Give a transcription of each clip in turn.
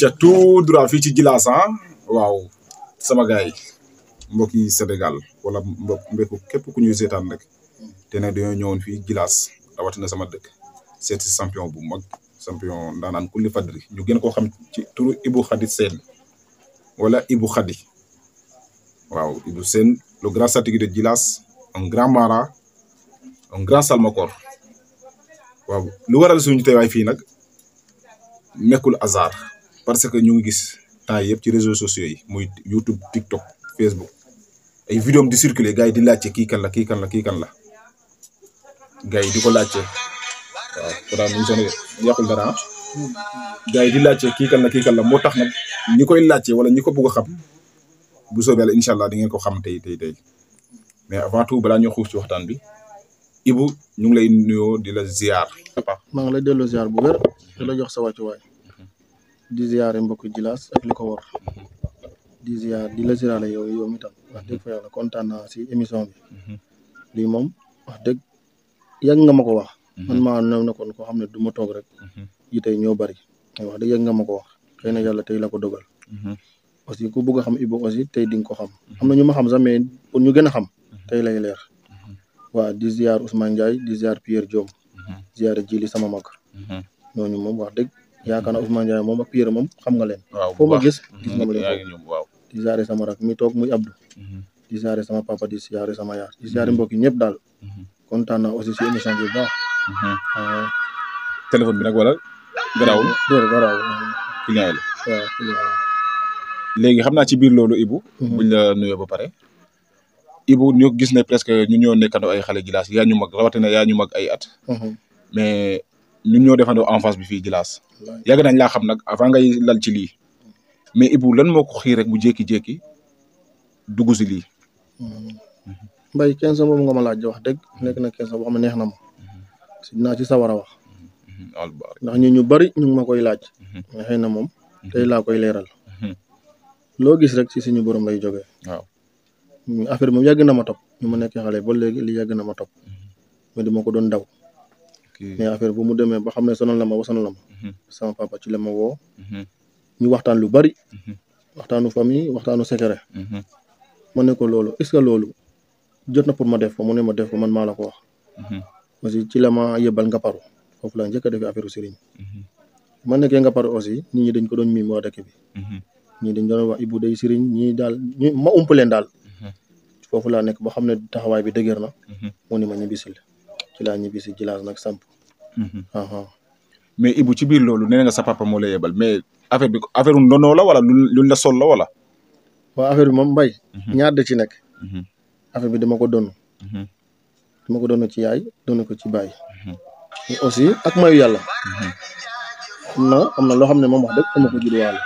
ca tout droit fii ci Djilass ah. waaw sama gars yi mbokk Sénégal wala mbokk mbéku képp ku ñuy seetaan rek te ne dañoo ñëwoon fii Djilass rawatina sama dëkk seeti champion bu mag champion ndaanaan kulli fadri ñu gën koo xam ci turu Ibou Khady Sène wala Ibou Khady waaw Ibou Sène le grand statique de grand mara un grand salmakoor waaw lu waral suñu teewaay fii nag nekkul hasard parce que ñu ngi gis temps yëpp ci réseaux sociaux yi muy YouTube TikTok Facebook ay vidéom di circuler gars yi di laajte kii kan la kii kan la kii kan la gars yi di ko laajte waaw Fra mu ngi sonné di laajte kii kan la kii la moo tax nag ñi koy laajte wala ñi ko bëgg a xam bu soobee la incha allah di ngeen ko xam tey tey tey mais avant tout balaa ñoo xuus ci waxtaan bi. Ibu ñu ngi lay nuyoo di la ziar. maa ngi lay delloo ziar bu wér la jox sa wàccuwaay. di ziare mbokk jilaas ak li ko wor di ziar la ziarale yow yow mi tam wax dëgg fa yàlla kontaan naa si émission bi mhm. lii moom wax dëgg yàgg nga ma ko wax mhm. man maa new na kon koo xam ne du ma toog rek mhm. yi tey ñoo bari wax dëgg yàgg nga ma ko wax xëy na yàlla tey la ko dogal aussi ku bëgg a xam Ibou aussi tey di ko xam am na ñu ma xam sax mais pour ñu gën a xam tey lay leer waa di ziar Ousmane Ndiaye di ziar Pierre Diom Jili sama mag ñooñu moom wax dëgg yaakaar naa Ousmane Ndiaye moom ak Pierre moom xam nga leen. waaw foo ma gis gis mhm, nga sama rak mi toog mu Abdou. Mhm. di sama papa di sama yaar di ziare mbokk yi ñëpp daal. Mhm. kontaan naa aussi si émission bi bu baax. Ah. téléphone nag wala garaawul. garaawul client la. waaw léegi xam naa ci biir loolu ba pare. Ibou ñu gis ne presque ñu ñoo nekkandoo ay xale gilaas yaa ñu mag rawatina ñu mag ay mais ñun ñoo defandoo en face bi fii Djilass yàgg nañ laa xam nag avant ngay lal ci lii mais Ibou lan moo ko xiir rek bu jékki-jékki dugg si lii. Mm-hmm. mbay question boobu nga ma laaj wax dëgg nekk na question boo xam neex na ma mm-hmm. si dinaa ci sawar a wax mm-hmm. ndax ñu ñu bari ñu ngi ma koy laaj nga na moom tey laa koy leeral loo gis rek si suñu borom lay jógee waaw affaire moom yàgg na ma topp ñu ma nekk xale ba léegi li yàgg na ma topp mais ko doon daw mais affaire bu mu demee ba xam ne sonal na ma wasanal na mhm. sama papa ci la ma woo. Mhm. ñu waxtaan lu bari. Mhm. waxtaanu famille waxtaanu secret. ma ne ko loolu est ce que loolu jot na pour ma def ko mu ne ma def ko man la ko wax. parce que ci la ma yebal nga paru foofu la njëkk a defee ma nekkee nga paru aussi nit ñi dañ ko doon miim waa dëkk bi. ñii dañ doon wax Ibou day sëriñ ñii daal daal. foofu laa nekk ba xam ne taxawaay bi dëgër na. ne ma ñibbisil ci laa ñibbi si Djilass nag samp. Mhm. Uh-huh. mais i ci biir loolu nee nga sa papa moo la yebal mais affaire bi affaire u ndonoo la wala lu la sol la wala. waaw affaire bi moom mbay. Mhm. ñaar da ci nekk. Mhm. bi dama ko doon. dama ko doon ci yaay doon ko ci baay. mais aussi ak mayu yàlla. am na am na loo xam ne moom wax dëgg dama ko judduwaale.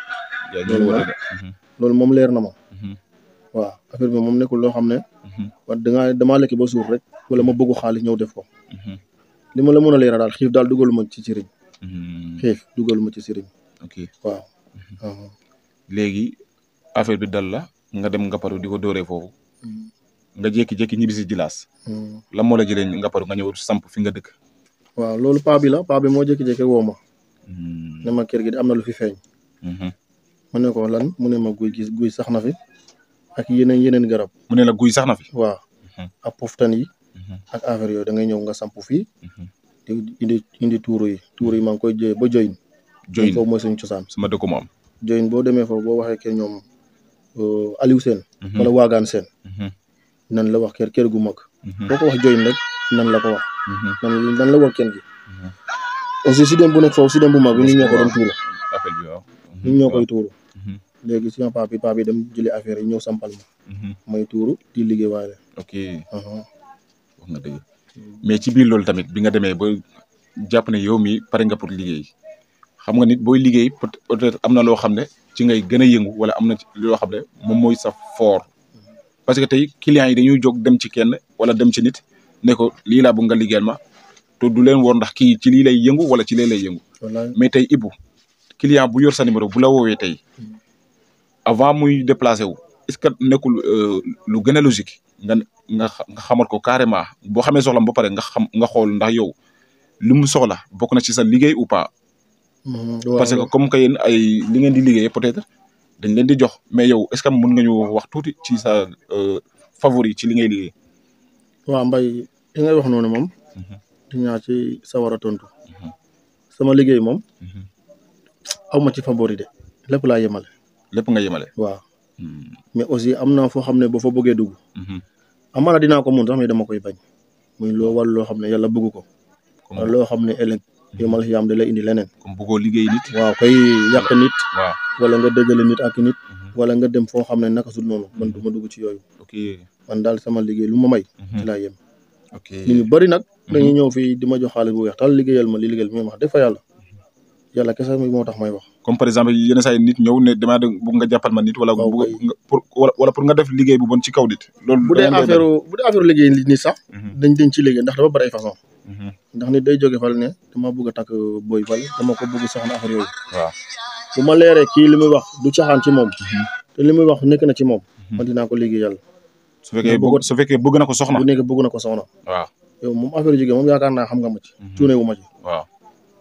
loolu moom leer na ma. waaw affaire bi moom nekkul loo xam ne. man mhm. da ngaa damaa lekk ba suur rek wala ma bëgg xaalis ñëw def ko. Mhm. li ma la mën a leeral daal xiif daal dugalu ma ci sëriñ. Mhm. xiif dugalu ma ci sëriñ. ok waaw. léegi affaire bi dal la nga dem nga Ngaparou di ko dóoree foofu. nga jékki-jékki ñibbi si Djilass. la moo la jëlee Ngaparou nga ñëw samp fi nga dëkk. waaw loolu paa bi la paa bi moo jékki-jékki woo ma. ne ma kër gi am na lu fi feeñ. mu ne ko lan mu ne ma guy gis guy sax na fi. ak yeneen yeneen garab. mu ne la guy sax na fi. waaw mhm. ak poftan yi. Mhm. ak affaire yooyu da ngay ñëw nga sampu fii. Mhm. di indi indi yi tuuru yi maa ngi koy jëyee ba joyin. joyin foofu mooy suñu cosaan. sama dëkku mu am. joyin boo demee foofu boo waxee ke ñoom euh, Aliou sen wala Waagaan Sène. nan la wax kër kër gu mag. boo ko wax joyin rek nan la ko wax. nan nan la wax kenn aussi si dem bu nekk foofu si dem bu mag bi ñoo koy tuuru. léegi suma papa yi papa yi dem jëli affaire yi ñëw sampal ma. Mhm. may tuuru di liggéey waale. ok uh-huh. wax ci biir loolu tamit bi nga demee ba jàpp ne yow mi pare nga pour liggéey xam nga nit booy liggéey peut-être am na loo xam ne ci ngay gën a yëngu wala am na loo xam ne moom mooy sa fort parce que tey clients yi dañuy jóg dem ci kenn wala dem ci nit ne ko lii laa bëgg nga liggéeyal ma to du leen woon ndax kii ci lii lay yëngu wala ci lee lay yëngu mais tey Ibou client bu yor sa numéro bu la woowee tey mm. avant muy déplacé wu est-ce que nekkul euh, lu gën a logique nga nga nga xamal ko carrément boo xamee soxlam ba pare nga xam nga xool ndax yow lu mu soxla bokk na ci sa liggéey ou pas. Mm-hmm. parce que comme que yéen ay li ngeen di liggéey peut-être dañ leen di jox mais yow est-ce que mën nga ñu wax tuuti ci sa euh, favori ci li ngay liggéey. waaw Mbaye li ngay wax noonu moom. Mm-hmm. dinaa ci sawar a tontu. Mm-hmm. sama liggéey moom. aw ma ci favori de lépp laa yemale. lépp nga yemale. waaw hmm. mais aussi am na foo xam ne boo fa bëggee dugg. Mhm. amaana dinaa ko mun sax mais dama koy bañ. muy loo wàll loo xam ne yalla bëgg ko. comme loo xam ne ëllëg mhm. yow ma la si am da lay indi leneen. comme bëggoo liggéey nit. waaw koy yàq nit. waaw nga dëggale nit ak nit. Mhm. wala nga dem foo xam ne naka sut noonu man du ma dugg ci yooyu. ok man daal sama liggéey lu ma may. ci laa yem. ok nit ñu di ma xaalis bu weex tal liggéeyal ma li liggéeyal ma wax def yàlla. yàlla kese moo tax may wax. comme par exemple yenn saa yi nit ñëw ne damaa bëgg nga jàppal ma nit. wala pour nga def liggéey bu bon ci kaw bu dee affaire bu nit sax. Mhm. dañ dañ ci liggéey ndax dafa bari ay façon. Mhm. ndax nit day jóge fal ne dama bëgg a tak boy fal dama ko bëgg soxna affaire yooyu. waaw bu ma leeree kii li muy wax du caaxaan ci moom. Mhm. te li muy wax nekk na ci moom. man dinaa ko liggéeyal. su fekkee bëgg su fekkee bëgg na ko soxna. bu nekk bëgg na ko soxna. waaw yow moom affaire jóge moom yaakaar naa xam nga ma ci. tuune wu ma ci waaw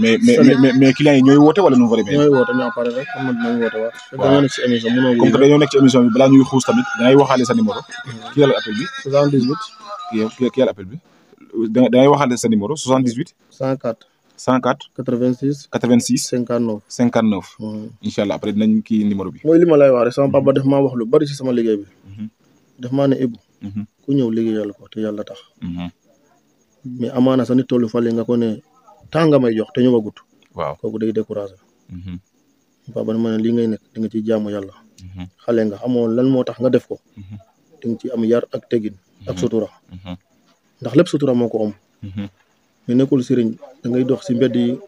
mais mais mais mais clients yi ñooy woote wala nu mu fa demee. ñooy woote ñoo pare rek xam nga dinañ woote waat. waaw bi balaa ñuy xuus tamit dangay sa numéro. ki yàlla appel bi. 78. ki ki yàlla appel bi. da dangay waxaale sa numéro 78. 104. 104. allah après dinañ kii numéro bi. mooy li ma wax rek sama papa mhm. daf maa wax lu bari sama liggéey bi. Mhm. daf maa ne Ibou. Mhm. ku ñëw liggéeyal ko te yàlla tax. mais amaana sa nit tollu fale nga ko ne. temps nga may jox te ñëwagut. waaw kooku day découragé. Mhm. papa ne ma ne lii ngay nekk di nga ci jaamu yàlla. Mhm. xale nga xamoo lan moo tax nga def ko. Mhm. di nga ci am yar ak tegin ak sutura. ndax lépp sutura moo ko am. ñu nekkul sëriñ da ngay dox si mbedd yi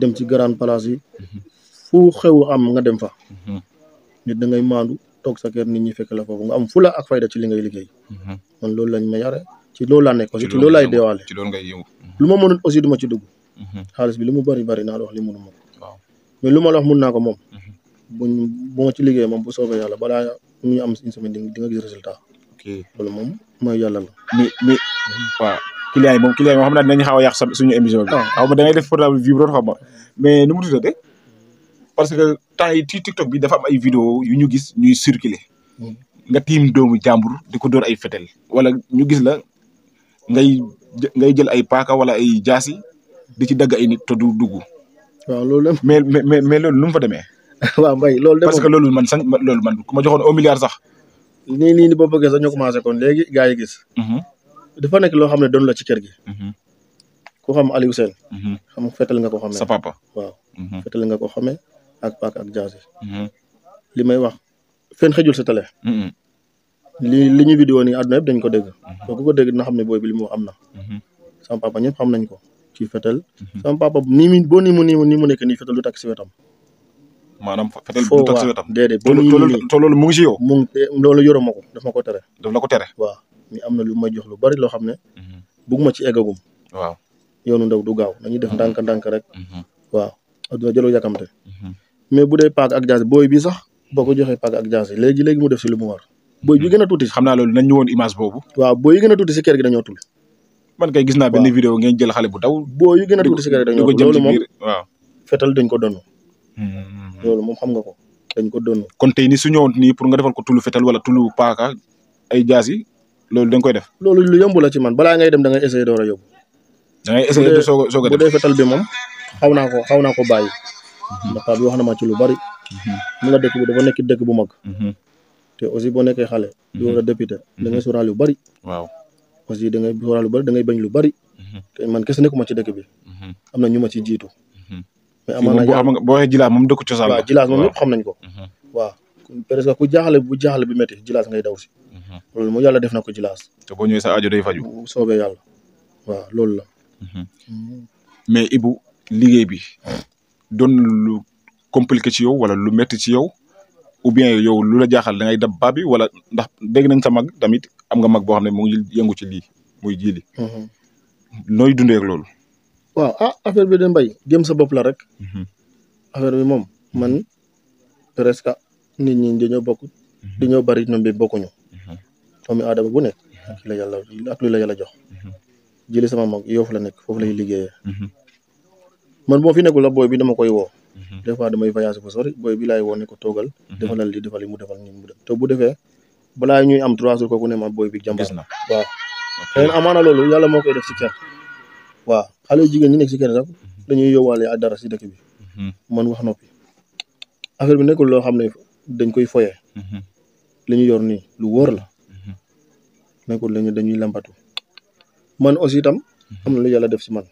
dem ci garan place yi. fu xew am nga dem fa. nit da ngay maandu toog sa kër nit ñi la foofu nga am fula ak fayda ci li ngay liggéey. man loolu lañ ma yare ci loolu laa nekk aussi ci loolu laay deewaale. ci loolu ngay yëngu lu ma mënul aussi duma ci dugg. xaalis bi li mu bari na naa la wax li mënu ma ko mais lu ma la wax mun naa ko moom mhm. buñ bu ci liggéey moom bu soobee yàlla balaa ñu am une semaine di nga gis résultat moom mooy yàlla la mi mi waaw client yi moom client yi moom xam naa dinañu xaw a yàq suñu émission bi ah. xaw ma da ngay def portable vibre xaw ma mais nu mu tuddate parce que temps yi ci TikTok bi dafa am ay vidéo yu ñu gis ñuy circuler hmm. nga tiim doomu jàmbur di ko dóor ay fetel wala ñu gis la ngay ngay jël ay paaka wala ay jaasi di ci dagg ay nit te du dugg. waaw loolu la fa demee. waaw mbay loolu parce que loolu man sax loolu man ku ma joxoon au milliard sax. nii nii ni boo bëggee sax ñu commencé kon léegi gaa yi gis. nek mm-hmm. nekk loo xam ne doon la ci kër gi. Mm-hmm. ku xam Aliou Sène. Mm-hmm. xam fetal nga ko xamee. sa papa waaw. fetal nga ko xamee ak paak ak jaasi. li may wax fen xëjul sa télé. li li ñu vidéo nii àdduna yëpp dañ ko dégg. boo ko ko dégg xam ne booy bi li am na. sama papa ñëpp xam nañ ko. ci fetel mhm. sama papa nii mu boo nii mu nii mu nii mu nekk nii fetel du takk si wetam. maanaam fetel du takk si wetam. déedéet boo nii mu lu ma jox lu bari loo xam ne. Mhm. bugg ma ci eggagum. waaw yoonu ndaw du gaaw nañuy def mhm. ndànk ndànk rek. waaw adduna jëloo yàkkamte. mais bu dee paak ak jaasi booy bi sax boo ko joxee paak ak jaasi léegi léegi mu def si lu mu war. booy bi gën a tuuti. xam naa loolu nañ ñu image boobu. waaw booy yi gën a tuuti si kër gi dañoo tul man kay gis naa benn vidéo ngeen jël xale bu daw. boo yu gën a tuuti si kër dañoo ko loolu moom waaw fetal dañ ko doon. Hmm. loolu moom xam nga ko dañ ko doon. kon tey ni su ñëwoon nii pour nga defal ko tullu fetal wala tullu paaka ay jaas yi loolu da nga koy def. loolu lu yomb la ci man balaa ngay dem da ngay essayer door a yóbbu. da ngay essayer soog a soog a fetal bi moom xaw naa ko xaw naa ko bàyyi. Hmm. ndax bi wax na ci lu bari. Hmm. mun nga dëkk bi dafa nekk dëkk bu mag. te aussi boo nekkee xale. di war a député da ngay sóoraale yu bari. waaw parce que da ngay wara lu bëri da ngay bañ lu bëri mhm. man kese nekkuma ci dëkk bi mhm. am na ñu ma ci jiitu mhm. mais amaana boo waxee jilaas moom dëkku cosaan la waaw jilaas moom ñëpp xam nañ ko waaw presque ku jaaxale bu jaaxale bi métti jilaas ngay daw si loolu moom yàlla def na ko jilaas te boo ñëwee sa aajo day soobee yàlla waaw loolu la mais Ibou liggéey bi don lu compliqué ci yow wala lu metti ci yow ou bien yow lu la jaaxal da ngay dab ba bi wala ndax dégg nañ sa mag tamit am nga mag boo xam ne mu ngi yëngu ci lii muy jiili. Mhm. nooy du ak loolu. waaw ah affaire bi de mbay jëm sa bopp la rek. Mhm. affaire bi moom man mhm. presque nit ñi dañoo bokk. dañoo bari ñoom bi bokkuñu. doomi aadama bu nekk. la yàlla ak lu la jox. jiili sama mag Yoff la nekk foofu lay liggéeyee. man boo fi nekkul la booy bi dama koy woo. Mhm. des fois damay voyage fa sori booy bi laay woo ne ko toogal defalal mhm. li defal li mu defal ñu mu def te bu defee balaa ñuy am trois jours kooku ne ma booy bi jàmbaar na waaw xëy na amaana loolu yàlla moo koy def si kër waaw xale jigéen ñi nekk si kër sax mhm. dañuy yóbbaale ak dara si dëkk bi man wax noppi affaire bi nekkul loo xam ne dañ koy foyee li ñu yor nii lu wóor la nekkul lañu dañuy lambatu man aussi itam am na lu yàlla def si man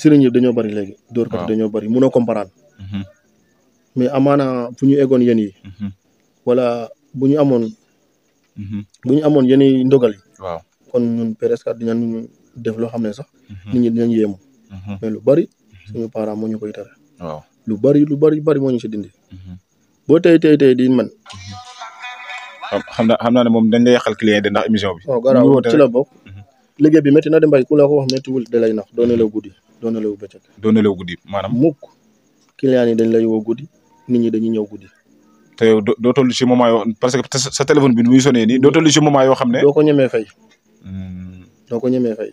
sëriñ yëpp dañoo bari léegi. dóor kat dañoo bari mënoo comparaan. Mm-hmm. mais amaana fu ñu eggoon yéen yi. Mm-hmm. wala bu ñu amoon. Mm-hmm. bu ñu amoon yéen i ndogal yi. waaw kon ñun presque dinañ def loo xam ne sax. nit ñi dinañ yéemu. mais lu bari suñu parents moo ñu koy tere. waaw lu bari lu bari bari moo ñu si dindi. boo tey tey tey di man xam naa xam naa ne moom dañ a yàqal client de ndax émission bi. waaw oh, garaaw ci la bokk. liggéey bi métti na de mbay ku la ko wax méttiwul da lay nax doo nelaw guddi doo nelaw bëccëg. doo nelaw guddi yi dañ lay woo guddi nit ñi dañuy ñëw guddi. te yow doo toll ci moment parce que sa téléphone bi muy sonné nii doo toll ci moment yoo xam ne. doo ko ñemee fay. Hmm. doo ko ñemee fay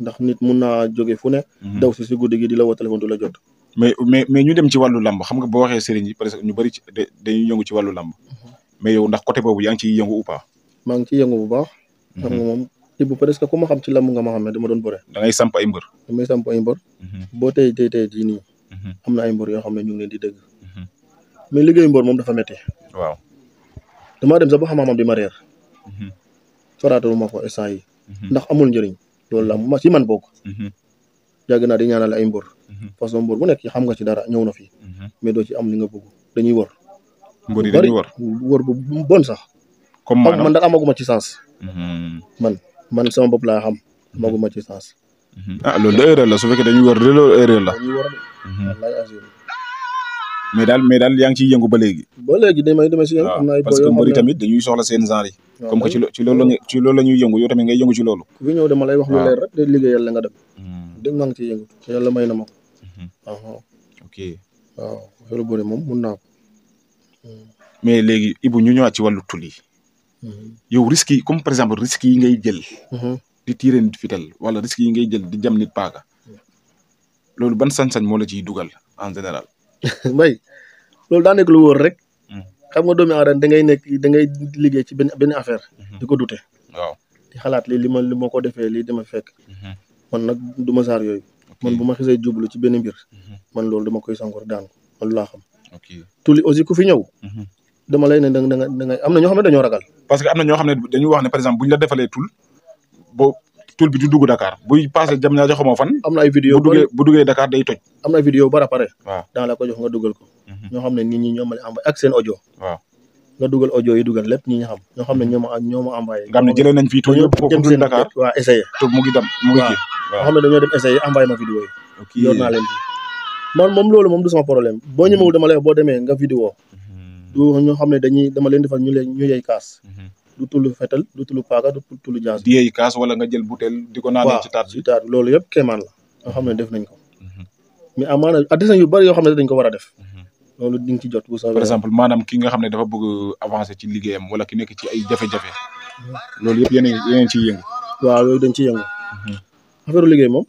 ndax nit mun naa jóge fu ne. Hmm. daw si si guddi gi di la woo téléphone la jot. mais mais mais ñu dem ci wàllu làmb xam nga boo waxee sëriñ yi parce que ñu bëri ci dañuy yëngu ci wàllu làmb hmm. mais yow ndax côté boobu yaa ngi ciy yëngu ou pas. maa ngi ciy yëngu bu baax. moom Dibu presque ku xam ci lamu nga ma xamé dama doon boré da ngay samp ay mbeur damay samp ay mbeur mhm. bo tay tay tay di ni amna ay mbeur yo xamné ñu ngi leen di deug mais mhm. liggéey mbeur mom dafa metti waaw dama dem sa xam di ma reer mhm. faratalu ma ko essay ndax amul lolou ma ci man bok yàgg naa di ñaanal ay mbër façon mbeur bu nek xam nga ci dara ñew na fi mais do ci am li nga bëgg dañuy wor mbeur yi dañuy wor wor bu bon sax comme man amaguma ci sens man man sama bopp laa xam mhm. maguma ci sens. Mhm. a ah, loolu de erreur la su fekkee dañuy war de loolu erreur la. dañuy war mhm. mais daal mais daal yaa ngi ciy yëngu ba léegi. ba léegi damay damay si yëngu ah, am na ay parce que mbëri tamit dañuy soxla seen genre yi. comme que ci ci loolu la ci loolu la ñuy yëngu yow nga yëngu ci loolu. ku fi ñëw lay wax lu ah. leer rek de liggéey yàlla nga dem. dégg maa ngi yëngu yàlla may na ma ko. ok loolu boole moom mun naa ko. mais léegi Ibou ñu ñëwaat ci wàllu tul yi Mhm. yow risque yi comme par exemple risque yi ngay jël. Mhm. di tirer nit fital wala risque yi ngay jël di jam nit paga mhm. loolu ban sañ-sañ mo la ci dugal en général. bay lolu da nek lu wor rek. xam nga doomi adam da ngay nek da ngay liggéey ci ben ben affaire. di ko dute. waaw di xalat lima li ma li moko ko li dama fekk. man nak duma sar yoy man buma ma djublu ci ben bir man loolu dama koy sangor daan aussi ku fi ñew dama lay ne am na ñoo ne dañoo ragal. parce que am na ñoo xam ne dañu wax ne par exemple la defalee tul tul bi du dugg Dakar buy passé jam ñaa joxamoo fan. am na ay vidéo bu duggee bu duggee Dakar day toj. am na bara pare. waaw danga ko jox nga dugal ko. Mhm. ñoo xam ne nit ñi ñoo ma envoyé ak seen audio. waaw nga dugal audio yi dugal lépp ñi ñu xam ñoo xam ne ñoo ma ñoo ma envoyé. nga xam ne jëlee nañ fii tul yëpp ko ko dul Dakar waaw essayé. tul mu ngi dem mu ngi kii waaw xam ne dañoo dem essayé envoyé ma vidéo yi. ok yor naa leen man moom loolu moom du sama problème boo ñëmewul dama lay boo demee nga vidéo du ñoo xam ne dañuy dama leen defal ñu leen ñu yey kaas. Mhm. du tullu fetal du tullu paaga du tullu jaas. di yey kaas wala nga jël butéel di ko naanee ci taat bi taat loolu yëpp kéemaan la nga xam ne def nañ ko. Mhm. mais amaana artisan yu bari yoo xam ne dañ ko war a def. Mhm. loolu di ci jot bu exemple maanaam ki nga xam ne dafa bëgg avancer ci liggéeyam wala ki nekk ci ay waaw loolu dañ ci yëngu. affaire liggéey moom.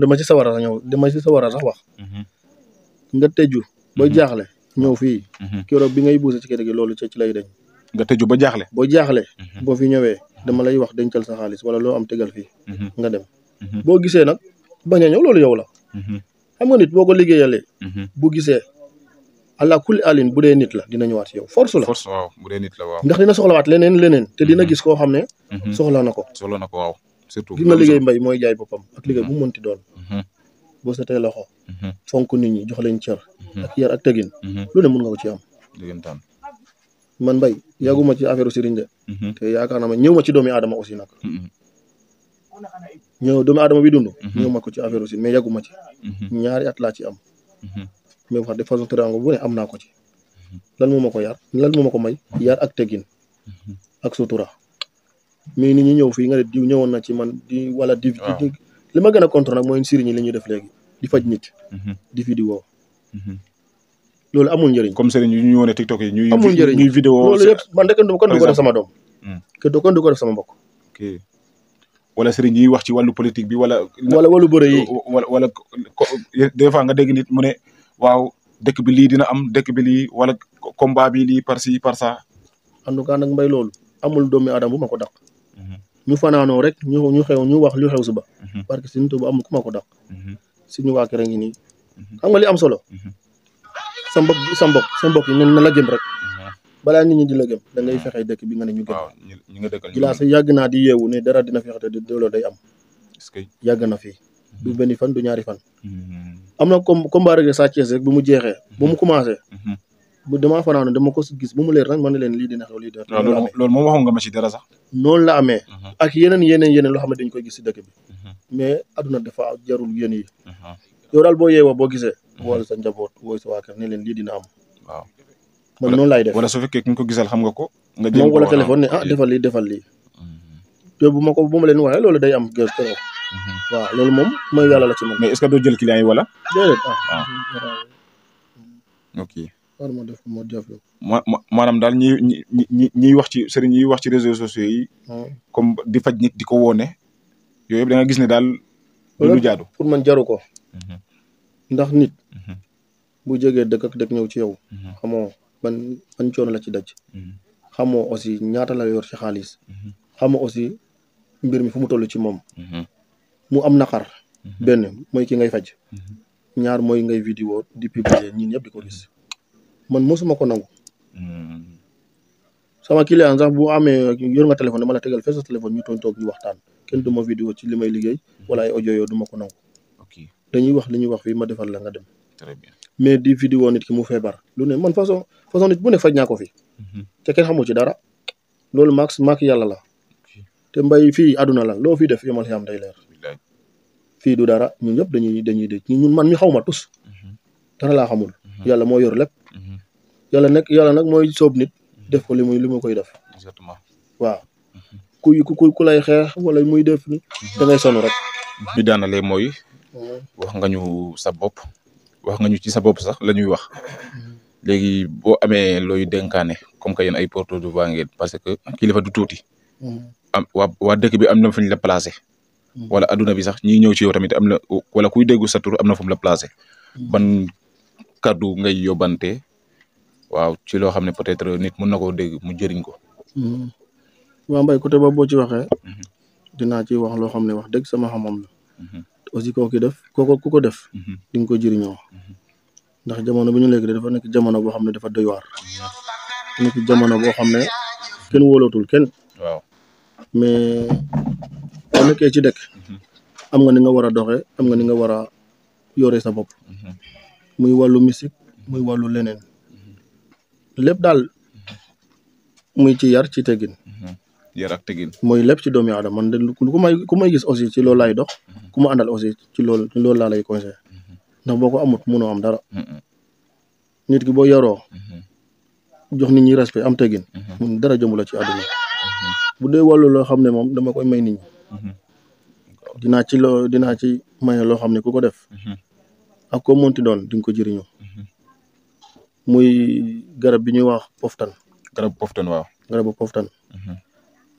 dama ci sawar a a sax wax. nga tëju. ba jaaxle ñëw fii. Mhm. kiro bi ngay buuse ci kër gi loolu ci ci lay dañ. nga tëju ba jaaxle. boo jaaxle. Mhm. boo fi ñëwee mhm. dama lay wax dencal sa xaalis wala loo am tegal fii. nga dem boo gisee nag bañ a loolu yow la. xam nga nit boo ko liggéeyalee. bu gisee a kulli alin bu dee nit la dina ñëwaat yow force la. force waaw bu dee nit la waaw. ndax dina leneen leneen. te dina gis koo xam ne. soxla na ko. soxla na ko waaw surtout. gis nga liggéey mbay mooy jaay boppam ak liggéey bu mu dool boo setee loxo. Mhm. fonk nit ñi jox leen cër. Mhm. ak yar ak tegin. Mhm. lu mun nga ko ci am. dëggantaan man mbay yàgguma ci affaire sëriñ de. te yaakaar naa ma ñëw ma ci doomi aadama aussi nag. ñëw doomi aadama bi dund. ñëw ma ko ci affaire aussi mais yàgguma ci. ñaari at laa ci am. mais wax de façon teraanga am naa ko ci. lan mu ma ko yar lan moo ma ko may yar ak tegin. ak sutura mais nit ñi ñëw fii nga ne diw ñëwoon na ci man di wala di. lima gana gën a contre nag mooy sëriñ li def légui di faj nit. Mhm. di vidéo. Mhm. lolu amul njëriñ. comme sëriñ ñu TikTok yi ñuy. ñuy vidéo lolu yépp man ko ndu ko def sama hmm ke do ko ndu ko def sama mbokk. ok wala sëriñ yi wax ci walu politique bi wala. wala walu bëre yi wala wala des fois nga dégg nit mu né waw dëkk bi li dina am dëkk bi li wala combat bi li par ci par ça. andu ka nak mbay lolu amul domi adam bu mako dakk ñu fanaanoo rek ñu ñu xew ñu wax lu xew suba. Mhm. parce que suñu tuuba amul ku ma ko dàq. Mhm. suñu waa kër rek ngi nii. Mhm. xam nga li am solo. sa mbokk sa mbokk sa mbokk yi na la gëm rek. balaa nit ñi di la gëm da fexe dëkk bi nga ne ñu gëm. waaw ñu nga dëkkal Jilaas yàgg naa di yeewu ne dara dina fexe te day am. est que yàgg na fi. du benn fan du ñaari fan. am na kom comme ba Sa Thiès rek bu mu jeexee bu mu commencé. bu damaa fanaanu dama ko gis bu mu leer nag mën na leen lii dina xew lii dina xew loolu moom waxoon nga ma sax noonu la amee mhm. ak yeneen yeneen yeneen loo xam ne dañ koy gis si dëkk bi mhm. mais aduna dafa jarul yéen yi mhm. yow daal boo yeewoo boo gisee wool sa njaboot wooy sa waa kër ne leen lii dina am waaw man noonu laay def wala su fekkee ki nga ko gisal xam nga ko nga jël moom wala a ne ah defal lii defal lii te bu ma ko bu ma leen waxee loolu day am gër trop waaw loolu moom mooy yàlla la ci man mais est que doo jël client yi wala déedéet ah, ah. ok ma maanaam daal ñi ñi ñiy wax ci sëriñ ñiy wax ci réseaux sociaux yi. comme di faj ni di ko woone yooyu yëpp nga gis ne daal. lu jaadu pour man jaru ko. Mhm. ndax nit. Mhm. bu jógee dëkk ak dëkk ñëw ci yow. Mhm. xamoo ban ban coono la ci daj. xamoo aussi ñaata la yor ci xaalis. xamoo aussi mbir mi fu mu toll ci moom. mu am naqar. benn mooy ki ngay faj. ñaar mooy ngay vidéo di publier ñun ñëpp di ko gis. man mosuma ko nangu. Hmm. sama client sax bu amee yor nga téléphone dama la tegal fee sa téléphone ñu toog toog ñu waxtaan kenn du ma vidéo ci li may liggéey wala ay audio yoo du ma ko nangu. ok dañuy wax li ñuy wax fii ma defal la nga dem. très bien mais di vidéo nit ki mu feebar lu ne man façon façon nit bu ne faj naa ko fi. Hmm. te kenn xamu ci dara. loolu max maak yàlla la. te mbay fii àdduna la loo fi def yomal xiyaam day leer. fii du dara ñun ñëpp dañuy dañuy dégg ñun man mi xaw ma tus. Hmm. dara laa xamul. Mm-hmm. yàlla moo yor lépp. Mm-hmm. yàlla nag yàlla nag mooy soob nit mm-hmm. def ko li muy li mu koy def. exactement waaw. ku ku ku lay xeex wala muy def ni da ngay rek. ñu daanalee mooy. wax nga ñu sa bopp. wax nga ci sa bopp sax la ñuy wax. léegi boo amee looy dénkaane comme que yéen ay porteurs de voix parce que kilifa du tuuti. am waa waa dëkk bi am na fu ñu la placé. wala adduna bi sax ñi ñëw ci yow tamit am na wala kuy déggu sa am na fu la placé. ban kaddu ngay yobante waaw ci lo xamne peut-être nit mën nako deg mu jëriñ ko. Hmm. waaw Mbaye côté ba bo ci waxee. Hmm. dina ci wax lo xamne wax deg sama xamam xam la. Hmm. aussi ko ki def koo ku ko def. di ko jëriñoo. ndax jamono bi ñu léegi dafa nek jamono bo xamne dafa doy waar. nekk jamono bo xamne ken wolotul ken waaw mais boo nekkee ci dëkk. am nga ni nga wara doxé am nga ni nga wara yoré sa bop muy wàllu musique muy wàllu leneen lépp daal muy ci yar ci tegin. yar tegin. mooy lépp ci doomi aadama man de lu ku may ku may gis aussi ci loolu laay dox ku ma àndal aussi ci lool loolu laa lay conseillé ndax boo ko amut mënoo am dara nit ki boo yaroo jox nit ñi respect am tegin mun dara jëmu la ci àdduna bu dee wàllu loo xam ne moom dama koy may nit ñi mhm. ci loo dinaa ci maye loo xam ne ku ko def mhm. ak koo mënti doon di nga ko jëriñoo mhm. muy garab bi ñuy wax poftan. garab poftan waaw. garabu poftan. Mhm.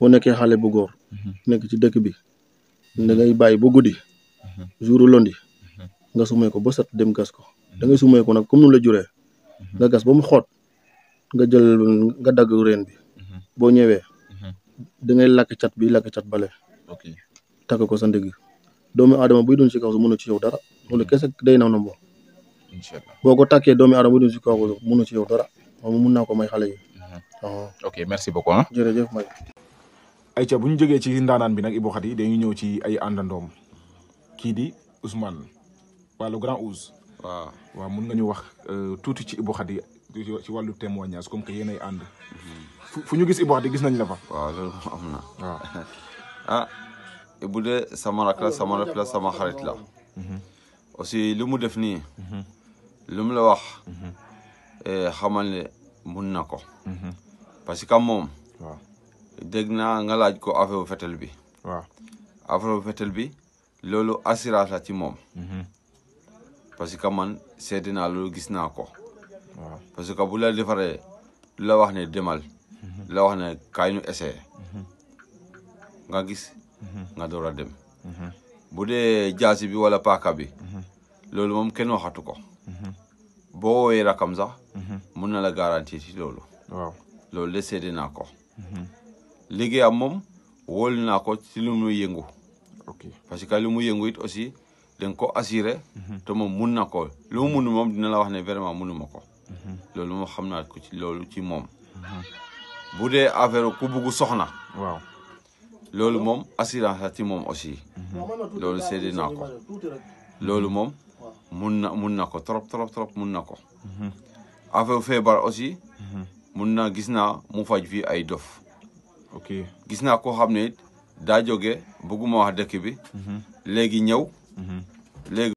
boo nekkee xale bu góor. Mhm. nekk ci dëkk bi. dangay ngay bàyyi ba guddi. jouru lundi. nga sumee ko ba set dem gas ko. da ngay ko nag comme nu la juree. nga gas ba mu xoot nga jël nga dagg reen bi. boo ñëwee. dangay ngay lakk cat bi lakk cat bale. ok ko sa ndigg doomu aadama buy dund ci kaw su mënu ci yow dara. loolu kessa day naw na mbo incha allah boo ko takkee doomi aadama bu dul si munu ci yow dara moom mun naa ko may xalé yi. ok merci beaucoup hein jere jeuf May. ay bu buñu jógee ci ndanan bi nak Ibou day ñu ñew ci ay andandom ki di Ousmane wa le grand ouz wa wa mun nga ñu wax euh, tout ci Ibou Khady ci walu témoignage comme que yene ay and fu ñu gis Ibou Khady gis nañ la fa. wa lolu amna ah Ibou de sama rakla sama ref sama xarit la. Mhm. aussi lu mu def nii mhm. lu mu la wax mhm. eh, xamal ne mun na ko mhm. parce que moom waaw dégg naa nga laaj ko affaire fetel bi waaw affaire fetel bi loolu assurance la ci moom parce que man seeti naa loolu gis naa ko waaw parce que bu la defaree du la wax ne demal du la wax ne kaay ñu nga gis nga door a bu dee jaasi bi wala paaka bi loolu moom kenn waxatu ko boo woowee rakam sax mun na la garantie ci loolu loolu de seede naa ko liggéeyam moom wóolu naa ko ci lu muy yëngu parce que lu muy yëngu it aussi danga ko assuré te moom mun na ko lu mu munu moom dina la wax ne vraiment munuma ko loolu moom xam naa ko ci loolu ci moom mhm. bu dee affaire ku bugg soxna waaw loolu moom assurance la moom aussi mm-hmm. loolu seede naa ko loolu moom mun na mun na ko trop trop trop mun na ko mm-hmm. affaire feebar aussi mm-hmm. mun na gis naa mu faj fii ay dof ok gis naa koo xam ne daa jóge bëgguma wax dëkk bi léegi ñëw léegi